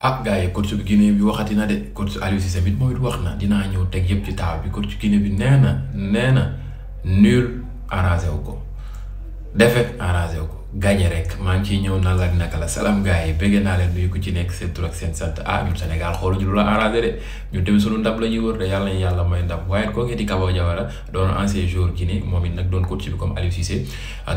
ah gars yi coach bu Guinée bi waxati na de coach Aliou Cissé bi mooy wax na dinaa ñëw teg yëpp ci taaw bi coach Guinée bi nee na nee na nul arrangé wu ko défaite arrangé wu ko gagné rek maa ngi ciy ñëw na la naka la salaam gars yi bëgg naa leen nuyu ko ci nekk setu tur seen sant ah ñun Sénégal xooluñu lu la arrangé de ñun tamit sunu ndam la ñuy wër de yàlla na yàlla may ndam waaye koo ngi di Kaba Diawara doon ancien joueur Guinée moom it nag doon coach bi comme Aliou Cissé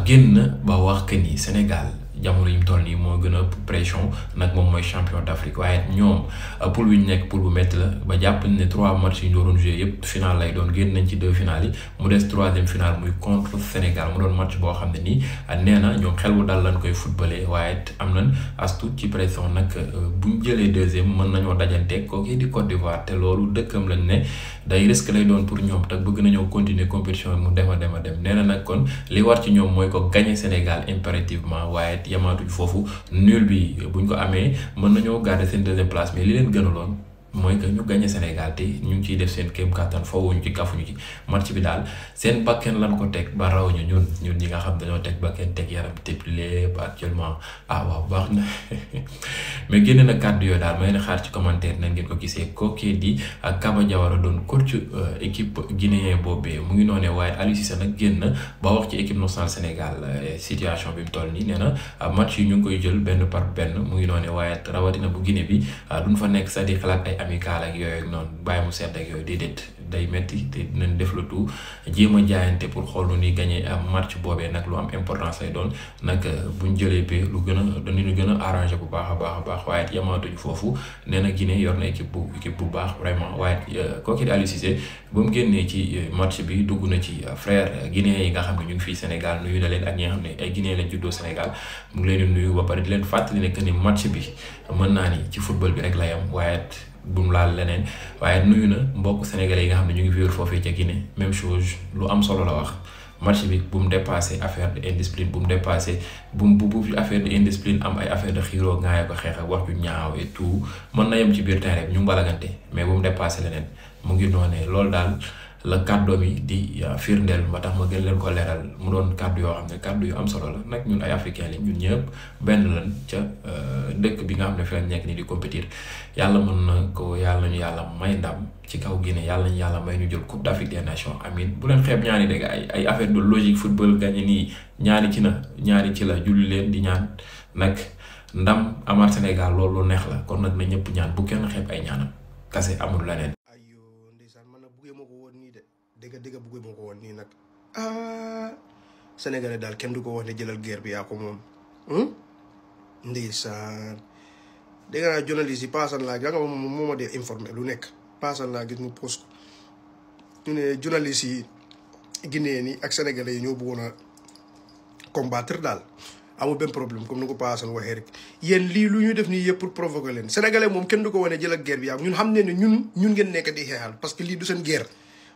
génn ba wax que ni Sénégal. jamono yi mu toll nii moo gën a ëpp pression nag moom mooy champion d'Afrique waaye ñoom euh, poule bi ñu nekk poule bu métti la ba jàpp ne trois matchs yi ñu doon joué yëpp final lay doon génn nañ ci deux finales yi mu des troisième finale muy contre Sénégal mu doon match boo xam ne nii euh, nee na ñoom xel bu dal lañ koy footballé waaye it am nañ as tuut ci pression nag euh, bu ñu jëlee deuxième mën nañoo dajante kooku di Côte d'Ivoire te loolu dëkkam lañ ne day risque lay doon pour ñoom bëgg nañoo continuer compétition mu dem a dem dem nee na nag kon li war ci ñoom mooy ko gagner yemaatuñ foofu nul bi buñ ko amee mën nañoo garder seen deuxième place mais li leen gënaloon mooy que ñu gagné Sénégal te ñu ngi ciy def seen kéem kàttan fawuñu ci kafuñu ci match bi daal seen bakken lan ko teg ba raw ñu ñun ñu ñi nga xam dañoo teg bakken teg yaram teg lépp actuellement ah waaw baax na mais génne na kàddu yooyu daal may na xaar ci commentaire nan ngeen ko gisee kookee di ak Kaba a doon coach euh, équipe guinéen boobee mu ngi noonee waaye Aliou Cissé nag génn ba wax ci équipe nationale Sénégal euh, situation bi mu toll nii nee na euh, match yi ñu ngi koy jël benn par mu ngi noonee waaye rawatina bu Guinée bi duñ fa nekk c'est-à-dire xalaat amical ak yooyu ak noonu bàyyi mu sedd ak yooyu déedéet day métti te dinañ def le tout jéem a jaayante pour xool nu ñuy gagné am match boobee nag lu am importance lay doon nag euh, buñ jëlee ba lu gën a dañu gën a arrangé bu baax baax a baax waaye it yamaatuñ foofu nee na Guinée yor na équipe bu équipe bu baax vraiment waaye it euh, kooku génnee ci euh, match bi dugg na ci frère Guinée yi nga xam ne ñu ngi fii Sénégal nuyu na leen ak ñi xam ne ay Guinée lañ juddoo Sénégal mu ngi leen nuyu ba pare di leen fàttali ne que ni match bi mën naa ni ci football bi rek la yam waaye it bu mu laal leneen waaye nuyu na mbokk sénégalais yi nga xam ne ñu ngi vivre foofee ca Guinée même chose lu am solo la wax match bi bu mu dépassé affaire de indiscipline bu mu dépassé bu mu bu affaire de indiscipline am ay affaire de xiiroo ngaayoo ko xeex ak wax ju ñaaw et tout mën na yem ci biir terrain bi ñu mbalagante mais bu mu dépassé leneen mu ngi noonee loolu daal. la kàddoom yi di firndeel ma tax ma gën leen ko leeral mu doon kàddu yoo xam ne kàddu yu am solo la nag ñun ay africain lañ ñun ñëpp benn lan ca euh, dëkk bi nga xam ne fi nekk ni di compétir yàlla mën na ko yàlla nañu yàlla may ndam ci kaw Guinée yàlla ñu yàlla may ñu jël coupe d'Afrique des nations amin bu leen xeeb ñaani dégg ay affaire de logique football gagné nii ñaari ci na ñaari ci la julli leen di ñaan nag ndam amaat Sénégal loolu neex la kon nag na ñëpp ñaan bu kenn xeeb ay ñaanam kase amul leneen dëgg dëgg bëgguma ko woon nii nag ah sénégalais daal kenn du ko wax ne jëlal guerre bi yaa ko moom hmm? ndeysaan dégg naa journaliste yi paasan laa gis nga moom moo ma dee informé lu nekk paasan laa gis mu post ko ñu ne journaliste yi Guinée nii ak sénégalais yi ñoo bëggoon a combattre daal amul benn problème comme ni ko paasan waxee rek yéen lii lu ñu def nii yëpp pour provoquer leen sénégalais moom kenn du ko wane jëlal guerre bi yaa ñun xam ne ne ñun ñun ngeen nekk di xeexal parce que lii du seen guerre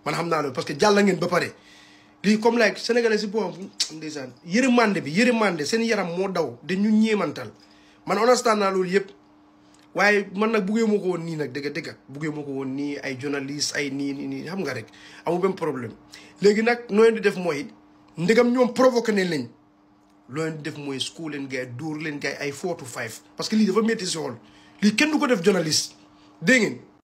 man xam naa loolu parce que jàll ngeen ba pare lii comme like sénégalais si boobu yëre yërëmande bi yërëmande seen yaram moo daw de ñu ñéemantal man understand naa loolu yëpp waaye man nag buggee moo ko woon nii nag dëgg dëgg buggee moo ko woon nii ay journaliste ay nii nii nii xam nga rek amul benn problème léegi nag nooy di def mooy ndegam ñoom provoqué nañ lañ looy def mooy school leen gars yi dóor leen gars yi ay four to five parce que lii dafa métti si xool lii kenn du ko def journaliste dégg